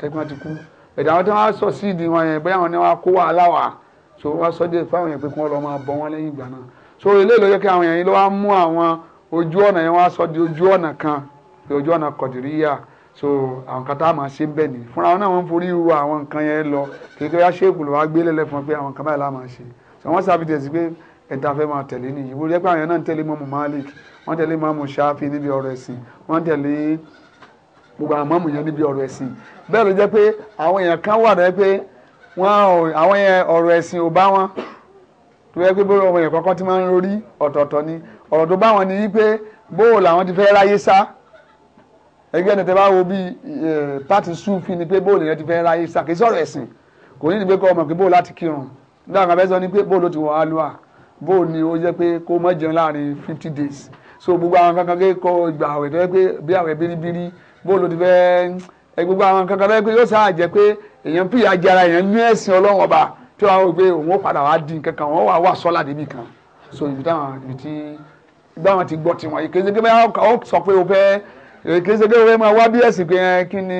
tẹ́gbọ́n ti kú ẹ̀dá wọn tí wọ́n á sọ síìdì wọn yẹn bẹ́ẹ̀ wọn ni wọ́n á kó wàhálà wà so wọ́n sọ dé fáwọn yẹn pé kí wọ́n lọ máa bọ wọn lẹ́yìn ìgbà náà so eléyìí ló yẹ kí àwọn yẹn ló wá mú àwọn ojú ọ̀nà yẹn wọ́n á sọ di ojú ọ̀nà kan di ojú ọ̀nà kọ̀dìríyà so àwọn kan tá a máa ṣe ń bẹ̀ ni fúnra wọn náà wọ́n forí ru àwọn nǹkan yẹn lọ kékeré yá so wọ́n sábìtẹ̀ sí pé ẹ̀dá fẹ́ máa tẹ̀lé nìyí wọ́n yẹ pé àwọn yẹn náà gbogbo àwọn mọ́mù yẹn níbi ọ̀rọ̀ ẹ̀sìn bẹ́ẹ̀ ló jẹ́ pé àwọn èèyàn kan wà lọ́wọ́ pé wọ́n àwọn yẹn ọ̀rọ̀ ẹ̀sìn ò bá wọn tó yẹ pé bó ọmọ yẹn kọ́kọ́ ti máa ń rorí ọ̀tọ̀ọ̀tọ̀ ni ọ̀rọ̀ tó bá wọn ni wípé bóò làwọn ti fẹ́ ráyé sá ẹgbẹ́ ẹni tẹ́ wo bíi pati sufi ni pé bóò lèyàn ti fẹ́ ráyé sá kì í sọ̀rọ̀ ẹ̀sìn kò ní ní pé kọ́ ọmọ pé bóò láti kírun nígbà kan fẹ́ ni pé bóò ti wọ alua bóò ni ó jẹ́ pé kó mọ́ jẹun láàrin fifty days so gbogbo àwọn kankan kó gbà àwẹ̀ tó yẹ pé bí àwẹ̀ bíríbírí bóòlù ti fẹ́ gbogbo àwọn kankan bẹ́ẹ̀ pé yóò sáà jẹ́ pé èèyàn pì àjẹra èèyàn ní ẹ̀sìn ọlọ́run ọba tí wọ́n wò pé òun ó padà wá di nǹkan kan wọ́n wà wà sọ́lá débi kan so ibi táwọn ibi tí báwọn ti gbọ́ tiwọn yìí kéde kébẹ́ ó sọ pé o fẹ́ kéde kébẹ́ o fẹ́ máa wá bí ẹ̀sìn pé kí ni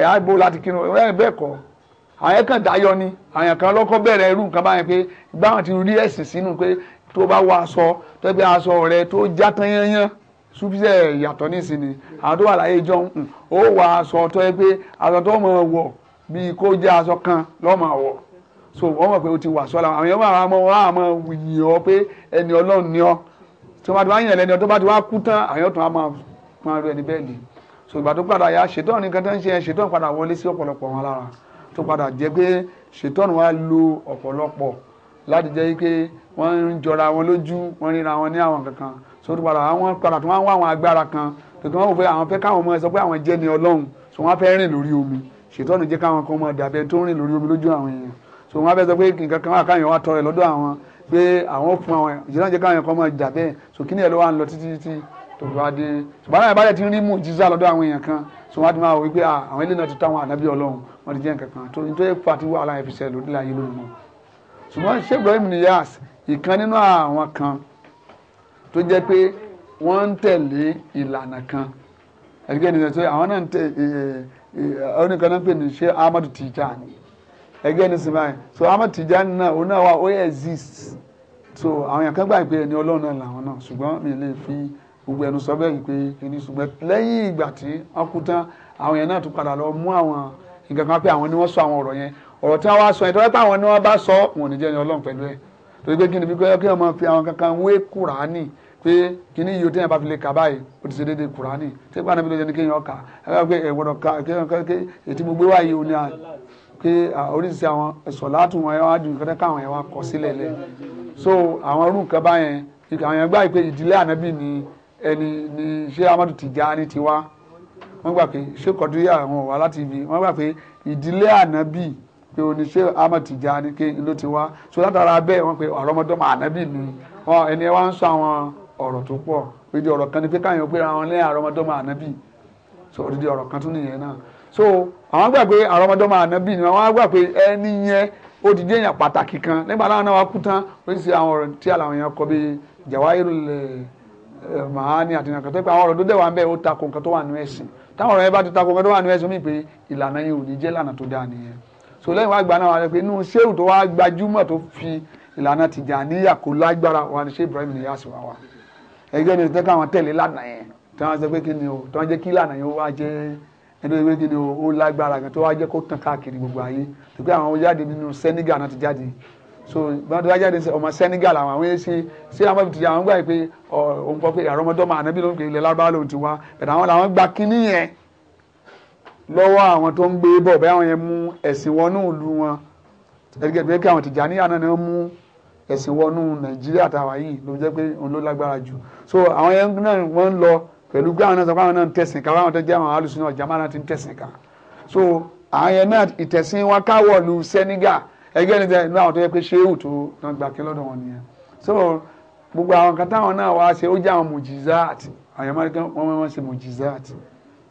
ẹ̀ á bó láti kírun bẹ́ẹ̀ kọ́ àwọn yẹn kàn dáyọ ni àwọn yẹn kan lọ́kọ́ bẹ̀rẹ̀ irú nǹkan báyẹn pé báwọn ti rí ẹ̀sìn sínú pé tó bá wọ aṣọ tó bá aṣọ rẹ tó já tán yányán súfíṣẹ́ ìyàtọ̀ nísìnyí àwọn tó wà láyé ìjọ ń hmm, ó wà aṣọ tó yẹ pé aṣọ tó máa wọ̀ kan ló máa so wọ́n mọ̀ pé o ti wà sọ́la àwọn èèyàn máa mọ wọ́n á mọ yìn ọ́ pé ẹni ọlọ́run ni ọ́ tí wọ́n bá ti wá yìn ẹlẹ́ni ọ́ àwọn èèyàn tó máa máa rú ẹni bẹ́ẹ̀ lè so ìgbà tó padà yá ṣètọ́nù nǹkan tó ń ṣe ṣètọ́nù padà wọlé sí ọ̀pọ̀lọpọ̀ wọn lára tó padà jẹ́ pé ṣètọ́nù wa lo ọ̀pọ̀lọpọ̀ láti jẹ́ pé wọ́n ń jọra wọn lójú wọ́n ríra wọn ní àwọn kankan so tó padà àwọn padà tó máa ń wá àwọn agbára kan tó tó wọ́n fẹ́ àwọn fẹ́ káwọn ọmọ ẹ sọ pé àwọn jẹ́ ni ọlọ́run so wọ́n fẹ́ rìn lórí omi ṣètọ́nù jẹ́ káwọn kan máa dàbẹ́ tó rìn lórí omi lójú àwọn èèyàn so wọ́n fẹ́ sọ pé nǹkan kan wà káwọn èèyàn wá tọrẹ lọ́dọ̀ àwọn pé àwọn fún àwọn ìṣètọ́nù jẹ́ káwọn èèyàn kan máa dàbẹ́ so kí ni ẹ̀ ló wà ń lọ títí títí tó fi wá dé ṣùgbọ́n àwọn ìbálẹ̀ ti rí mú jíza lọ́dọ̀ àwọn èèyàn kan so wọ́n ti máa wọ wípé àwọn ilé náà ti táwọn ànábì tó jẹ́ pé wọ́n ń tẹ̀lé ìlànà kan ẹgbẹ́ ẹni sọ àwọn náà ń tẹ ọ̀nà kan náà pè ní ṣé Ahmadu Tijani ẹgbẹ́ ẹni sọ báyìí so Ahmadu Tijani náà òun náà wà ó exist so àwọn èèyàn kan gbà pé ẹni Ọlọ́run náà làwọn náà ṣùgbọ́n mi lè fi gbogbo ẹnu sọ bẹ́ẹ̀ pé kìíní ṣùgbọ́n lẹ́yìn ìgbà tí wọ́n kú tán àwọn èèyàn náà tún padà lọ mú àwọn nǹkan kan pé àwọn ni wọ́n sọ àwọn ọ̀rọ̀ yẹn ọ̀rọ̀ tí wọ́n wá sọ yẹn tó wá pé àwọn ni wọ́n bá sọ wọn ò ní jẹ́ ẹni Ọlọ́run pẹ̀lú ẹ̀ torí pé kí ni pípẹ́ kí wọ́n máa fi àwọn kankan wé kùránì pé kí ni yóò téèyàn bá fi lè kà báyìí ó ti ṣe déédéé kùránì tí ìpàdé àbílẹ̀ jẹ́ ni kéèyàn kà ẹ̀ka pé ẹ̀wọ̀dọ̀ ká ètí gbogbo wáyé òní à pé oríṣiríṣi àwọn ẹ̀sọ̀ látù wọn ẹ̀ wá ju nǹkan káwọn ẹ̀ wá kọ sílẹ̀ lẹ̀ so àwọn irú nǹkan báyẹn àwọn èèyàn gbà pé ìdílé ànábì ni ẹni ni ṣé amadu Tijani ti wá wọ́n gbà pé ṣé kọ̀dúyà àwọn wà láti ibi wọ́n gbà pé ìdílé ànábì pé o ní ṣé Ahmad Tijani kí n ló ti wá so látara bẹ́ẹ̀ wọ́n pe ọ̀rọ̀mọdọ́mọ ànábì ni wọn ẹni wá ń sọ àwọn ọ̀rọ̀ tó pọ̀ òdìdí ọ̀rọ̀ kan ni pé káyọ̀ pé àwọn lẹ́yìn àrọ́mọdọ́mọ ànábì so òdìdí ọ̀rọ̀ kan tún nìyẹn náà so àwọn gbà pé àrọ́mọdọ́mọ ànábì ni àwọn gbà pé ẹni yẹn odidi èèyàn pàtàkì kan nígbà láwọn náà wá kú tán oríṣi àwọn ọ̀rọ̀ tí àwọn èèyàn kọ bíi jàwáyérò lè màání àti nǹkan tó pé ọ̀rọ̀ so lẹ́yìn wá gba náà wà ní pé inú sẹ́wù tó wá gbajúmọ̀ tó fi ìlànà Tìjàníyà kò lágbára wà ní ṣé Ibrahim ní yàsùn wa ẹgbẹ́ mi tẹ́ káwọn tẹ̀lé lánàá yẹn tí wọ́n sọ pé kí ni o tí wọ́n jẹ́ kí lánàá yẹn wá jẹ́ ẹni tó pé kí ni o ó lágbára gan tó wá jẹ́ kó tàn káàkiri gbogbo ayé tó pé àwọn jáde nínú Senegal náà ti jáde so gbọ́dọ̀ tó wá jáde ọmọ Senegal àwọn àwọn ẹ̀ṣẹ̀ ṣé àwọn ọmọ Tìjàníyà wọn gbà pé òun kọ pé àrọ́mọdọ́mọ ànábì ló ń pè ilẹ̀ lárúbáwá lòun ti wá ẹ̀dá àwọn làwọn gba kinní yẹn lọ́wọ́ àwọn tó ń gbé bọ̀ bẹ́ẹ̀ àwọn yẹn mú ẹ̀sìn wọnú ìlú wọn ẹgbẹ́ pé kí àwọn Tìjàníyà náà ni wọ́n mú ẹ̀sìn wọnú Nàìjíríà tàwa yìí ló jẹ́ pé òun ló lágbára jù so àwọn yẹn náà wọ́n ń lọ pẹ̀lú pé àwọn náà sọ pé àwọn náà ń tẹ̀sìn ká àwọn tó jẹ́ àwọn alùsùn náà jàmáà ti ń tẹ̀sìn ká so àwọn yẹn náà ìtẹ̀sìn wọn káwọ̀ lu Senegal ẹgbẹ́ ni inú àwọn tó yẹ so gbogbo àwọn kan táwọn náà wá ṣe ó jẹ́ àwọn mùjìzáàtì àwọn Amẹ́ríkà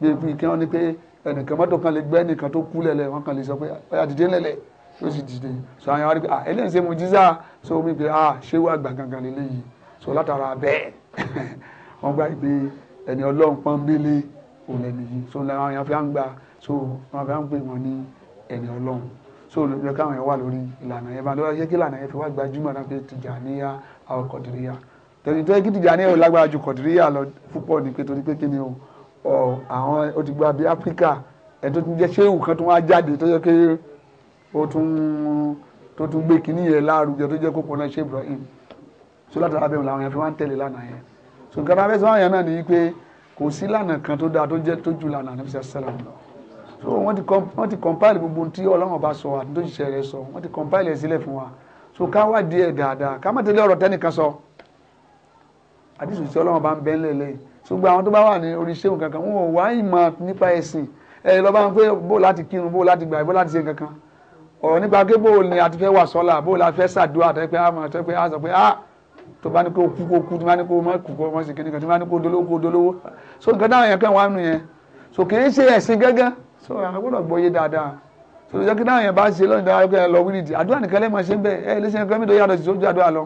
bí bí kí wọ́n ní pé ẹnìkan mọ́tò kan lè gbẹ́ ẹnìkan tó kú lẹ̀lẹ̀ wọ́n kan lè sọ pé ọ̀yà dìde lẹ̀lẹ̀ yóò sì dìde so àwọn àwọn ah eléyìí ṣe mu jíza so omi pé ah ṣé wàá gbà gangan lélẹ́yìí so látara bẹ́ẹ̀ wọ́n gbà pé ẹni ọlọ́run pọ́nbélé òun ẹni yìí so àwọn èèyàn fi ń gbà so àwọn fi à ń pè wọ́n ní ẹni ọlọ́run so olùdókè káwọn yẹn wà lórí ìlànà yẹn bá lọ́wọ́ yẹ kí ìlànà yẹn fi wá gbajúmọ̀ náà pé Tìjàníyà àwọn Kọ̀dìríyà tẹ̀sí tó yẹ kí Tìjàníyà ò lágbára ju Kọ̀dìríyà lọ púpọ̀ ní pé torí pé kí ni o àwọn ó ti gba bí áfíríkà ẹni tó tún jẹ́ ṣéwù kan tó wá jáde tó jẹ́ pé ó tún tó tún gbé kínní yẹn lárugẹ tó jẹ́ kó pọnà ṣe Ibrahim so látara bẹ́ẹ̀ làwọn yẹn fi wọ́n ń tẹ̀lé lánàá yẹn so nǹkan tá a fẹ́ sọ àwọn yẹn náà ni pé kò sí lànà kan tó dáa tó jẹ́ tó ju lànà Ànábì sẹ́lẹ̀ lọ so wọ́n ti wọ́n ti compile gbogbo tí Ọlọ́run bá sọ àti tó ṣiṣẹ́ rẹ̀ sọ wọ́n ti compile ẹ̀ sílẹ̀ fún wa so ká wá díẹ̀ dáadáa ká má tẹ̀lé ọ̀rọ̀ tẹ́nìkan sọ. So àdìsù tí ọlọ́run bá ń bẹ́ ńlẹ̀lẹ̀ ṣùgbọ́n àwọn tó bá wà ní orí ṣéun kankan wọn ò wá ìmọ̀ nípa ẹ̀sìn ẹ lọ bá ń pé bó láti kírun bó láti gbà bó láti ṣe kankan ọ̀rọ̀ nípa pé bó ni àti fẹ́ wà sọ́la bó la fẹ́ ṣàdúrà tẹ́ pé àmọ̀ tẹ́ pé àṣọ pé ah tó bá ní kó kú kó kú tó bá ní kó má kú kó má ṣe kíni tó bá ní kó dolówó kó dolówó so nǹkan táwọn yẹn kàn wá nù yẹn so kì í ṣe ẹ̀sìn gángan so àwọn gbọ́dọ̀ gbọ́yé dáadáa so ìjọ kí táwọn yẹn bá ṣe lọ́nà dáadáa lọ wíìlì àdúrà nìkan lẹ́ẹ̀ máa ṣe bẹ́ẹ̀ ẹ̀ lè ṣe nǹkan mi tó yàtọ̀ sí sójú àdúrà lọ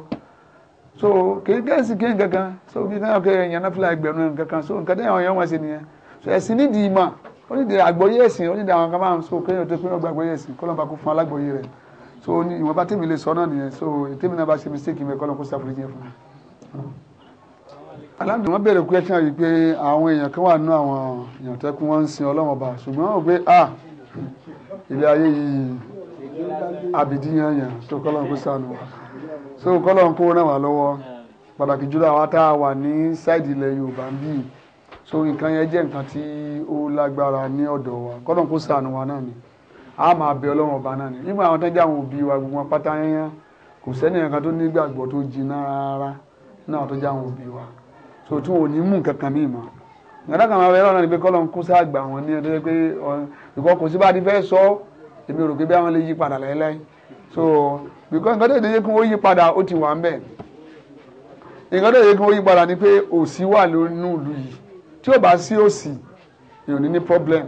so kì í gẹ́sì kí n kankan so bí náà kẹ ẹ̀yàn náà fúlà ẹgbẹ̀rún kankan so nǹkan tẹ́yàn ọ̀yàn wọn ṣe nìyẹn so ẹ̀sìn nídìí mà ó nídìí àgbọ́yé ẹ̀sìn ó nídìí àwọn kan máa ń so kéèyàn tó kéèyàn gba àgbọ́yé ẹ̀sìn kọ́lọ́ bá kó fún alágbọ́yé rẹ̀ so ìwọ̀n bá tèmi lè sọ náà nìyẹn so tèmi náà bá ṣe mistake mi kọ́lọ́ kó ṣàforíjì fún mi. aláǹdì wọn bẹ̀rẹ̀ question yìí pé àwọn èèyàn kan wà nínú àwọn a ah, ilé ayé yìí àbìdíyàn yàn tó kọ́lọ́ kó ṣàánú so kọ́lọ̀ ń kó ràn wá lọ́wọ́ pàtàkì jùlọ àwa tá a wà ní sáìdì ilẹ̀ Yorùbá ń bì so nǹkan yẹn jẹ́ nǹkan tí ó lágbára ní ọ̀dọ̀ wa kọ́lọ̀ ń kó sànù wa náà ni a máa bẹ Ọlọ́run ọba náà ni nígbà àwọn tẹ́jà àwọn òbí wa gbogbo wọn pátá yẹn kò sẹ́ni nǹkan tó nígbàgbọ́ tó jiná rárá nínú àwọn tẹ́jà àwọn òbí wa so tí wọn ò ní mú nǹkan kan míì mọ́ nàdá kan máa bẹ lọ́nà ni pé kọ́lọ̀ ń kó sáàgbà wọn ní ẹni so because nǹkan tó yẹ kí wọ́n yí padà ó ti wà ń bẹ̀ nǹkan tó yẹ kí wọ́n yí padà ni pé òṣì wà nínú ìlú yìí tí ò bá sí òṣì èèyàn ní ní problem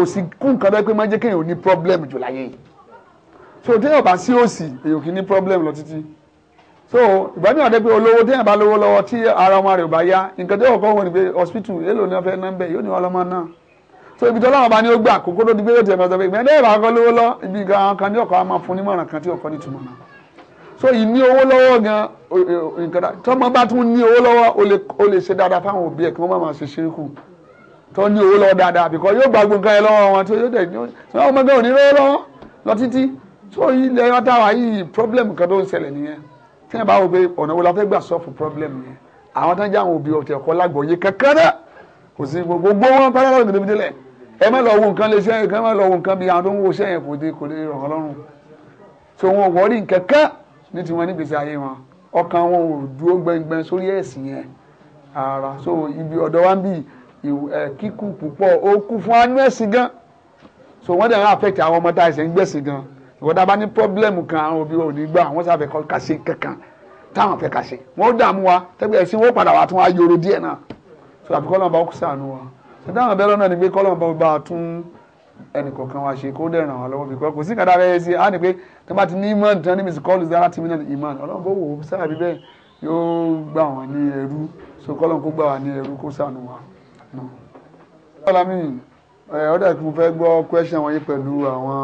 òṣì kún nǹkan tó yẹ pé máa jẹ́ kí èèyàn ní problem jù láyé yìí so téèyàn bá sí òṣì èèyàn kì í ní problem lọ títí so ìgbà mìíràn dé pé olówó téèyàn bá lówó lọ́wọ́ tí ara ọmọ rẹ̀ ò bá yá nǹkan tó yẹ kọ́ wọn ni pé hospital èèlò ni wọ́n fẹ́ ná ń bẹ̀ yóò ní wọn lọ́mọ náà so ibi tọ́lọ́wọ́ bá ní ó gbà kókó tó di pé yóò tẹ̀ mọ́tò pé ìgbẹ́ndé ìbá kọ́ ní so yìí ní owó lọ́wọ́ gan nǹkan tọ́mọ bá tún ní owó lọ́wọ́ o lè ṣe dáadáa fáwọn òbí ẹ̀ kí wọ́n má máa ṣe ṣírìkù tó ní owó lọ́wọ́ dáadáa bìkọ́ yóò gbàgbó nǹkan ẹ lọ́wọ́ wọn tó yóò dẹ̀ sọ́wọ́n ọmọ gan ò lọ́wọ́ lọ́wọ́ lọ títí so ilẹ̀ ọ̀tàwá yìí problem kan tó ń ṣẹlẹ̀ nìyẹn tí wọ́n bá wò pé ọ̀nà wo la fẹ́ gbà sọ́ọ̀fù problem yẹn àwọn tán jẹ́ àwọn òbí ọ̀tẹ̀ ọ̀kọ́ lágbọ̀ọ́yé kankan náà kò sí gbogbo wọn pẹ́rẹ́ ẹ má lọ wo nǹkan lè ṣe ẹ má lọ wo nǹkan bí àwọn tó ń wo sẹ́yìn kò dé kò lè rọ̀ ọlọ́run so wọn ò wọ́rí kẹ̀kẹ́ ní tiwọn nígbèsè ayé wọn ọkàn wọn ò dúró gbẹngbẹn sórí ẹ̀sìn yẹn ara so ibi ọ̀dọ̀ wa ń bì kíkú púpọ̀ ó kú fún anú gan so wọ́n dẹ̀ ń affect àwọn ọmọ tá ẹ̀sìn gbẹ̀sìn gan ìwọ́n dábàá ní pọ́blẹ́mù kan àwọn òbí ò ní gbà wọ́n sáfẹ́ ká ṣe kankan táwọn fẹ́ ká ṣe wọ́n dààmú wa tẹ́gbẹ́ ẹ̀sìn wọ́n padà wà tún wá yòrò díẹ̀ náà so àfikọ́ náà bá kú sànù wa nítawọn abẹ́rẹ́ náà ni pé kọ́lọ́n bá bá tún ẹnì kọ̀ọ̀kan wa ṣe kó dẹ̀ ràn wá lọ́wọ́ fi kọ́ kò sí kàdá abẹ́rẹ́ sí i á ní pé tó bá ti ní ìmọ̀ tán ní mrs collins dára tìmí náà ìmọ̀ ọlọ́run bó wò ó sábà bí yóò gbà wọ́n ní ẹrú so kọ́lọ́n kó gbà wá ní ẹrú kó sànù wá. ọlámi ó dà kí mo fẹ́ gbọ́ question wọ̀nyí pẹ̀lú àwọn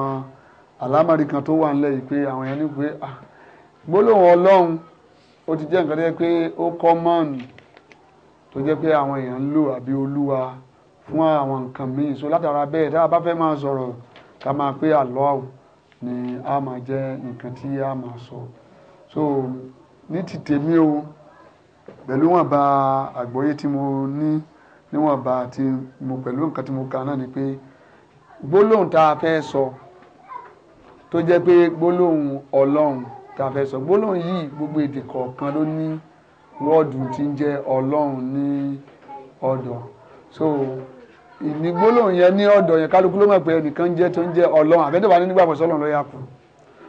àlámàrí kan tó wà ńlẹ̀ yìí pé àwọn yẹn ní pé gbólóhùn ọlọ́run ó ti jẹ́ nǹkan fún àwọn nǹkan míì so látara bẹ́ẹ̀ tá a bá fẹ́ máa sọ̀rọ̀ ká máa pé Allahu ni a máa jẹ́ nǹkan tí a máa sọ so ní ti tèmi o pẹ̀lú wọn bá àgbọ́yé tí mo ní níwọ̀n bá ti mo pẹ̀lú nǹkan tí mo kà náà ni pé gbólóhùn tá a fẹ́ sọ tó jẹ́ pé gbólóhùn ọlọ́run tá a fẹ́ sọ gbólóhùn yìí gbogbo èdè kọ̀ọ̀kan ló ní wọ́ọ̀dù tí ń jẹ́ ọlọ́run ní ọ̀dọ̀ so ìní gbólóhùn yẹn ní ọ̀dọ̀ yẹn kálukú ló mọ̀ pé ẹnìkan jẹ́ tó ń jẹ́ ọlọ́run àbẹ́dẹ̀bà ní nígbàgbọ́ sọ́lọ́run ló yà kù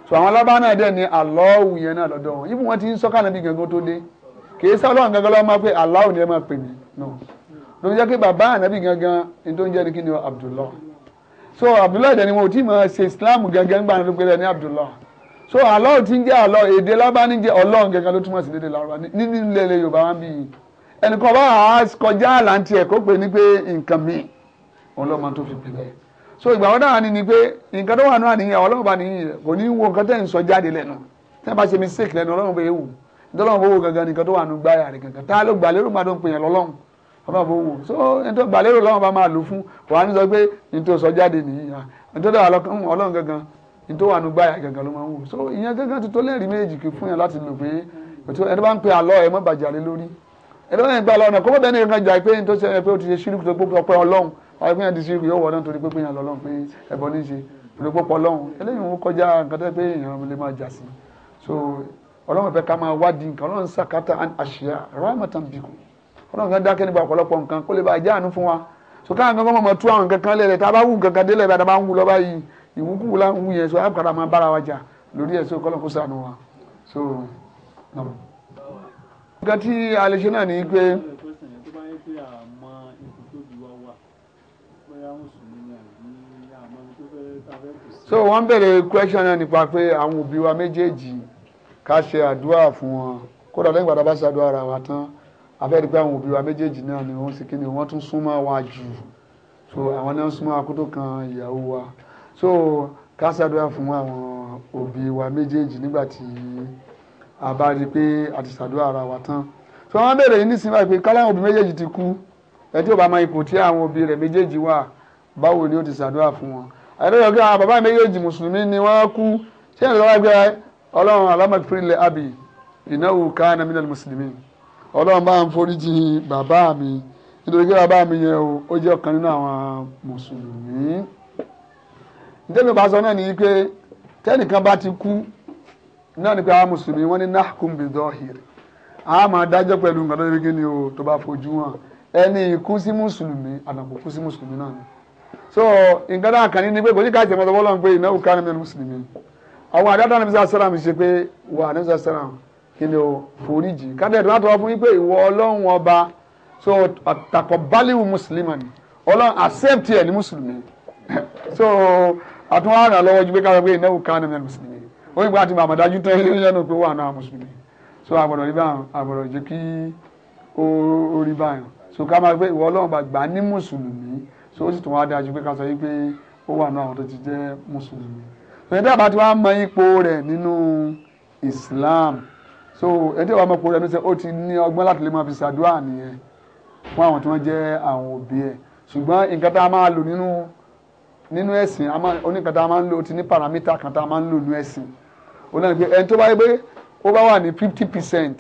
so àwọn alábá náà dẹ̀ ní àlọ́ọ̀hù yẹn náà lọ́dọ̀ wọn ibi wọn ti ń sọ́kà náà bí gangan tó dé kì í sá ọlọ́run gangan lọ́wọ́ máa pé aláwọ̀ ni ẹ máa pè mí nù ló ń jẹ́ pé bàbá ànábì gangan ní tó ń jẹ́ ní kí ni Abdullah so Abdullah dẹ̀ ni wọn ò tí máa ṣe Islam gangan gbà ní Abdullah so ẹnìkan bá a kọjá àlàntì ẹ̀ kó pè ní pé nǹkan míì òun lọ́mọ tó fi pè bẹ́ẹ̀ so ìgbà wọn náà ni ni pé nǹkan tó wà náà ni àwọn ọlọ́run bá ní yìí kò ní wo nǹkan tẹ́ ń sọ jáde lẹ́nu tẹ́ bá ṣe mistake lẹ́nu ọlọ́run bẹ́ẹ̀ wù ìdọ́lọ́run bó wo gangan nǹkan tó wà nù gbáyà rẹ̀ gangan tá ló gbà lérò máa ń pè yàn lọ́lọ́run ọba bó wò so ẹni tó gbà lérò lọ́wọ́ bá máa lò fún wàá ní sọ pé ní tó sọ jáde nìyí ha tó dàgbà hmm, wà nù so ìyẹn gangan ti tó lẹ́rìí méjì kì fún pe àlọ́ ẹ mọ́ bàjẹ́ lé ẹlẹ́wọ̀n yẹn gba ọlọ́run kó bẹ́ẹ̀ ní nǹkan jà pé tó ṣe pé ó ti ṣe ṣírùkù tó gbópọ̀ pẹ́ ọlọ́run wáyé pé yẹn ti ṣírùkù yóò wọ̀ náà pé pé yẹn lọ́lọ́run pé ẹbọ ní ṣe torí pé ọlọ́run eléyìí wọn kọjá nǹkan tẹ́ pé èèyàn lè máa jà sí so ọlọ́run fẹ́ ká máa wádìí nǹkan ọlọ́run sàkátà àṣìyà rahmatan bikum ọlọ́run fẹ́ dákẹ́ nípa ọ̀pọ̀lọpọ̀ nǹkan kó lè bá ajá so káà nǹkan kọ́mọ̀ tú àwọn nǹkan kan lẹ̀ tá a bá wù so àbùkàrà máa bára so kọ́lọ́n kó so. No nǹkan tí a lè ṣe náà ni pé. so wọ́n bèrè question náà nípa pé àwọn òbí wa méjèèjì ká ṣe àdúrà fún wọn kódà lẹ́yìn ìgbàdá bá ṣe àdúrà ara wa tán abẹ́rẹ́ pé àwọn òbí wa méjèèjì náà ni wọ́n sì kí ni wọ́n tún súnmọ́ wa jù so àwọn náà súnmọ́ akótó kan ìyàwó wa so ká ṣe àdúrà fún àwọn òbí wa méjèèjì nígbà tí àbá rí i pé a ti ṣàdúrà ara wa tán tí wọ́n béèrè yìí nísìnyí báyìí pé káláwọn òbí méjèèjì ti kú ẹ tí ò bá mọ ipò tí àwọn òbí rẹ̀ méjèèjì wà báwo ni ó ti ṣàdúrà fún wọn àìdájọ́ pé àwọn bàbá méjèèjì mùsùlùmí ni wọ́n kú ṣé ìlú wa gbé ọlọ́run alámọ̀fínlẹ̀ abi ìnáwó káàna mílíọ̀nù mùsùlùmí ọlọ́run bá ń foríjì bàbá mi nítorí pé bàbá mi yẹn ó jẹ́ ọ̀kan nínú àwọn mùsùlùmí. ìdẹ́nu bá sọ náà ni pé tẹ́nìkan bá ti náà ni pé àwọn mùsùlùmí wọ́n ní nahkum bi zahiri àwọn máa dájọ́ pẹ̀lú nǹkan tó kí ni o tó bá fojú hàn ẹni ikú sí mùsùlùmí àdàpọ̀ kú sí mùsùlùmí náà ni so nǹkan náà kàn ní ni pé kò ní ká jẹmọ́ tọwọ́ lọ́n pé ìnáwó ká ní mẹ́rin mùsùlùmí àwọn àdáda ní mísà sàràm ṣe pé wà ní mísà sàràm kí ni o foríjì kádẹ́ ìdúrà tọwọ́ fún yín pé ìwọ ọlọ́run ọba so àtàkọ̀ bálíwù mùsùlùmí ni ọlọ́run so àtúnwá rà lọ́wọ́ ju pé ká sọ pé ó yẹ kó àti màmá dájú tán ilé lẹ́nu pé ó wà náà so àgbọ̀dọ̀ riba, báyìí àgbọ̀dọ̀ jẹ́ kí ó rí báyìí so ká máa gbé ìwọ ọlọ́run bá gbà ní mùsùlùmí so ó sì tún wá dájú pé ká sọ yìí pé ó wà náà àwọn tó ti jẹ́ mùsùlùmí so ẹ̀dá àbá tí wàá mọ ipò rẹ̀ nínú Islam so ẹ̀dá àbá mọ̀ ipò rẹ̀ níṣẹ́ ó ti ní ọgbọ́n láti lè máa fi ṣàdúrà nìyẹn fún àwọn tí wọ́n jẹ́ àwọn òbí ẹ̀ ṣùgbọ́n nǹkan tá a máa lò nínú nínú ẹ̀sìn oníkan tá a máa ń lò ó ti ní paramítà kan tá a máa ń lò nínú ẹ̀sìn òun náà ni pé ẹni tó bá yẹ pé ó bá wà ní fifty percent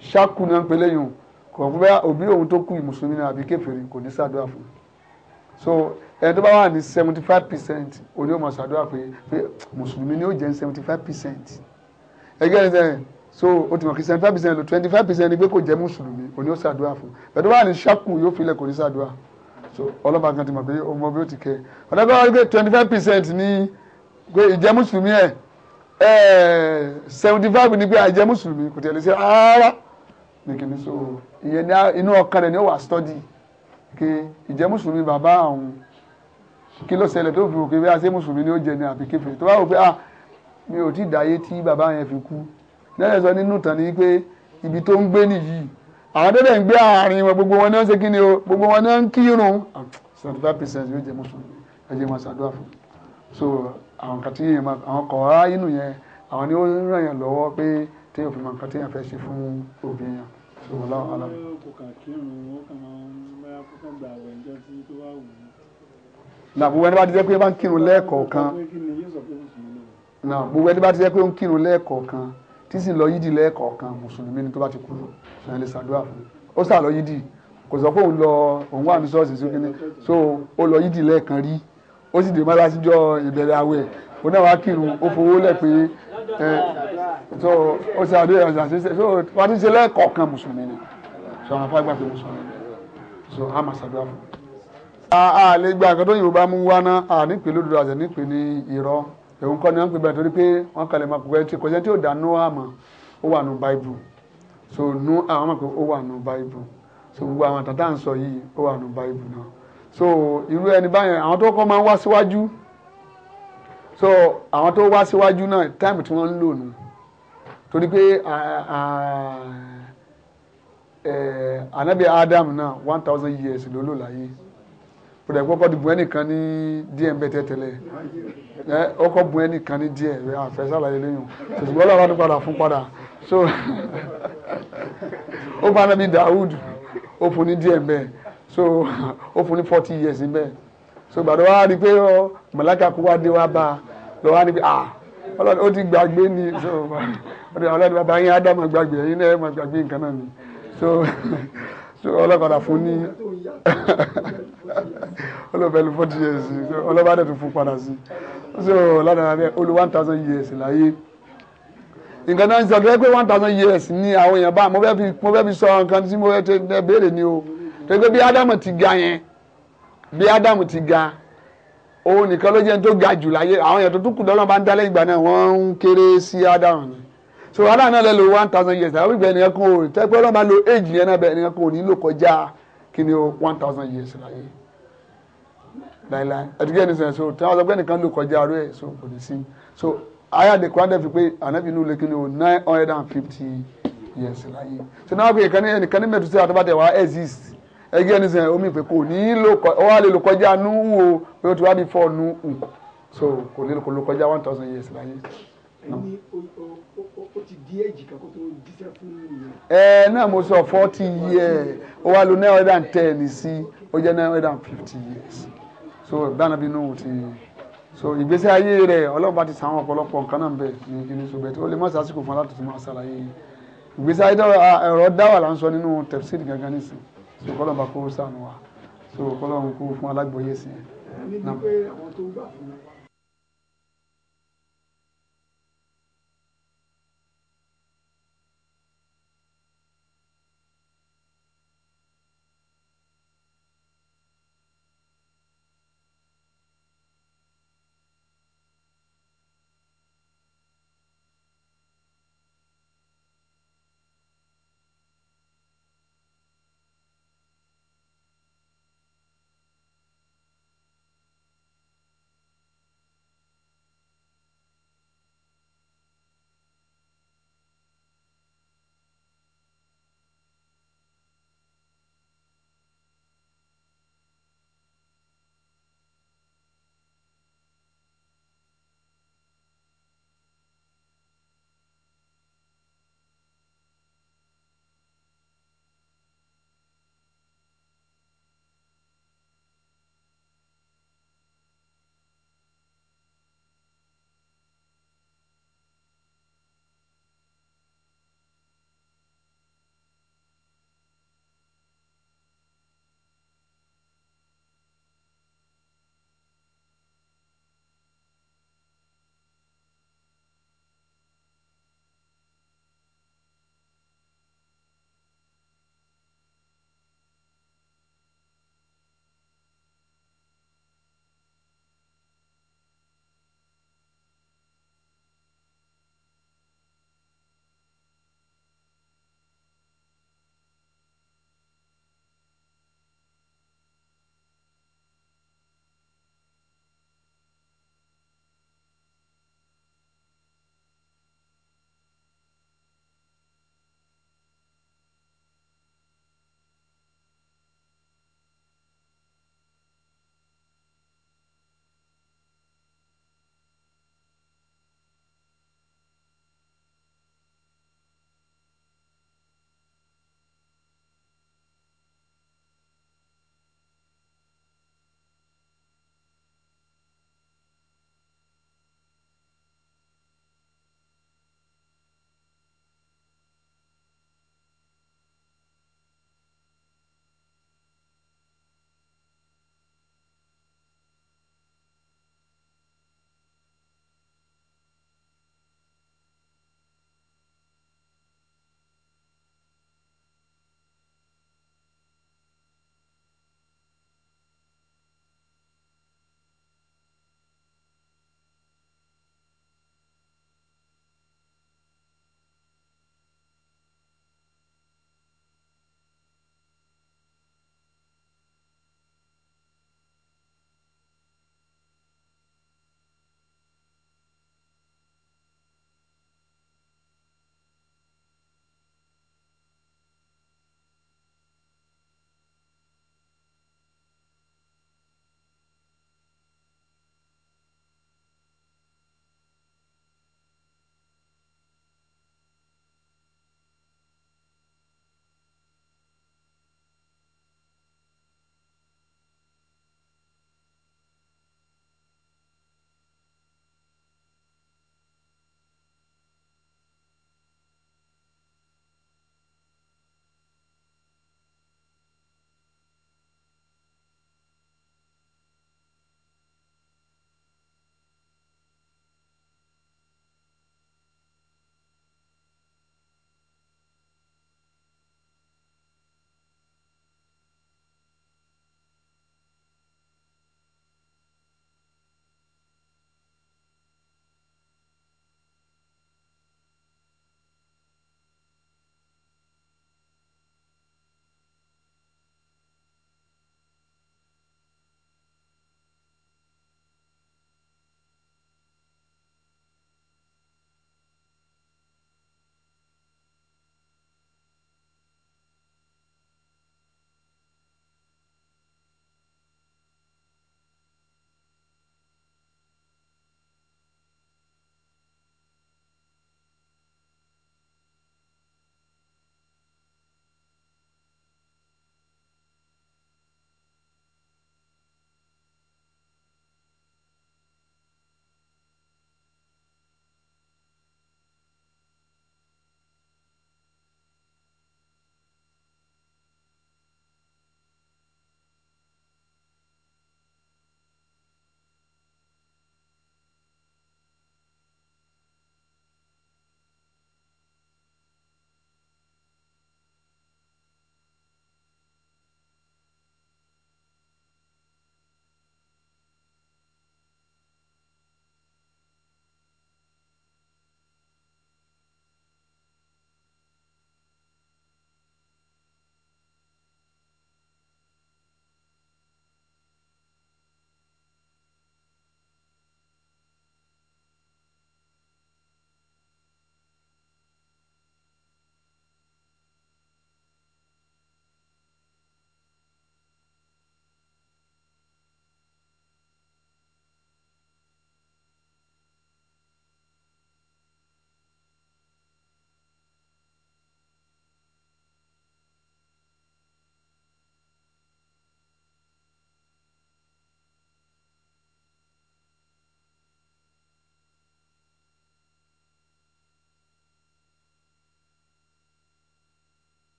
ṣáàkù náà ń pe lẹ́yìn kò fún bá òbí òun tó kú mùsùlùmí náà àbí kèfèrí kò ní ṣàdúrà fún un so ẹni tó bá wà ní seventy five percent òun yóò máa ṣàdúrà pé pé mùsùlùmí ni ó jẹ́ seventy five percent ẹgbẹ́ ẹni sẹ́yìn so o ti mọ̀ kí seventy five percent lo twenty five percent ni pé kò jẹ́ mùsùlùmí òun yóò ṣàdúrà fún un ẹni tó bá wà ní ṣáàkù yóò filẹ̀ kò ní ṣàdúrà so ọlọ́ba kan ti mọ̀ pé ọmọ bí ó ti kẹ́ ọ̀dọ́gbọ́n wá pé twenty five percent ni pé ìjẹ́ ẹ̀ seventy five ni pé àjẹ́ mùsùlùmí kò tẹ̀lé sí rárá nìkìní so ìyẹn ní inú ọkàn rẹ̀ ni ó wà study kí ìjẹ́ mùsùlùmí bàbá àwọn kí ló ṣẹlẹ̀ tó fi òkè bí a ṣe mùsùlùmí ni ó jẹ ní àbí kèfèrí tó bá wò pé ah mi ò tí ì dáyé tí bàbá yẹn fi kú lẹ́yìn sọ nínú tàn ní pé ibi tó ń gbé nìyí àwọn tó dẹ̀ ń gbé àárín wọn gbogbo wọn ni wọ́n ṣe kí ni o gbogbo wọn ni wọ́n ń kírun ah, seventy five percent yóò jẹ mùsùlùmí ẹ jẹ́ wọn ṣàdúrà fún so àwọn nǹkan tí yẹn máa àwọn kọ̀ ọ́ inú yẹn àwọn ni ó ràn yàn lọ́wọ́ pé téèyàn fi mọ nǹkan téèyàn fẹ́ ṣe fún òbí yẹn ṣùgbọ́n láwọn ọ̀la. nàbùwọ ẹni bá ti jẹ́ pé bá ń kírun lẹ́ẹ̀kọ̀ọ̀kan nàbùwọ ẹni bá ti jẹ́ pé ó ń kírun lẹ́ẹ̀kọ̀ọ̀kan tí sì lọ yídì lẹ́ẹ̀kọ̀ọ̀kan mùsùlùmí ni tó bá ti kú ṣẹlẹ̀ lè ṣàdúrà fún ó sà lọ yídì kò sọ pé òun lọ òun wà ní ṣọ́ọ̀ṣì sí kíní so ó lọ yídì lẹ́ẹ̀kan rí ó sì dé mọ́ṣáláṣí ìbẹ̀rẹ̀ àwẹ̀ ó náà wá kírun ó fowó lẹ̀ ẹ tó ó ṣe àdúrà ọ̀sẹ̀ àṣẹṣe tó wà ní ṣe lẹ́ẹ̀kọ̀ọ̀kan mùsùlùmí ni sọ àwọn afágbà fi mùsùlùmí ni sọ á máa fún. a lè gba nǹkan tó yìnbọn bá mú wá náà à nípe lódodo àṣẹ nípe ní irọ́ èhun kọ́ ni wọ́n pè bẹ́ẹ̀ torí pé wọ́n kalẹ̀ máa pẹ́ tí kò tí ò dá Nóà mọ̀ ó wà nù báíbù so nú àwọn máa pẹ́ ó wà nù báíbù so gbogbo àwọn tàtà ń sọ yìí ó wà nù báíbù náà so irú ẹni báyẹn àwọn tó kọ́ máa ń wá síwájú so àwọn tó wá síwájú náà táìmù tí wọ́n ń lò nù torí pé ànábì Adam náà one thousand years ló lò láyé pẹ̀lú ẹ̀kọ́kọ́ dùbọ̀ ẹnìkan ní díẹ̀ ń bẹ tẹ́tẹ́lẹ̀ ẹ ọkọ̀ bùn ẹnìkan ní díẹ̀ rẹ àfẹ́ sàlàyé lẹ́yìn ṣùgbọ́n ọlọ́run ti padà fún padà so ó bá nàbí Dawud ó fún ní díẹ̀ bẹ́ẹ̀ so ó fún ní forty years bẹ́ẹ̀ so gbàdọ̀ wá rí pé ọ mọ̀láka kó wá dé wá bá a lọ wá rí pé ah ọlọ́run ó ti gbàgbé ni so ọlọ́run bàbá yín ádámà gbàgbé yín náà má gbàgbé nǹkan náà ni so so ọlọ́kadà fún ní olùfẹ́lú forty years So, dẹ̀ tún fún padà sí so ládàá bẹ́ẹ̀ olú one thousand years láyé nǹkan náà ń sọ pé one thousand years ni àwọn èèyàn bá mo fẹ́ fi sọ nǹkan tí mo fẹ́ béèrè ni o tó gbé bí ádámù ti ga yẹn bí ádámù ti ga òun nìkan ló jẹ́ tó ga jù láyé àwọn èèyàn tó kù lọ́nà bá ń dálé ìgbà náà wọ́n ń kéré sí ádámù ni so ádámù náà lè lo one thousand years àwọn ìgbà ènìyàn kan ò tẹ́ pé ọlọ́mọ lo age yẹn náà bẹ̀ ènìyàn kan ò ní lò kọjá kí ni o one thousand years láyé láíláí ẹ̀dùkẹ́ ẹni sẹ́yìn so tí wọ́n sọ pé ẹnìkan lò kọjá rẹ̀ so kò ní sí so ayáde kúrádẹ́ fi pé ànábì inú lè kí ni o nine hundred and fifty years láyé so náà pé ẹnìkan ní mẹ́tùsí àtọ́bàtẹ̀ wá exist ẹgbẹ́ ẹni sìn omi pé kò ní lò ó wá lè lò kọjá núhù o pé o ti wá bí fọ́ núhù so kò ní lò kọjá one thousand years láyé. ẹni o ti di èjì kan kó tó jíṣẹ́ fún mi. ẹ náà mo sọ forty years o wá lo nine hundred and ten sí o jẹ́ nine hundred and fifty years so dáná bí núhù ti so ìgbésí ayé rẹ̀ ọlọ́run bá ti sàwọn ọ̀pọ̀lọpọ̀ nǹkan náà bẹ̀ ní kíní ṣùgbọ́n tí o lè má sàásìkò fún aláàtúntò máa ṣàlàyé ìgbésí ayé ọ̀rọ̀ dáwà là ń sọ nínú tẹ̀síìdì gangan nísìnyí so kọ́lọ́n kó sànù wa so kọ́lọ́n kó fún alágbóyè sí i. ẹni bí àwọn tó gbà fún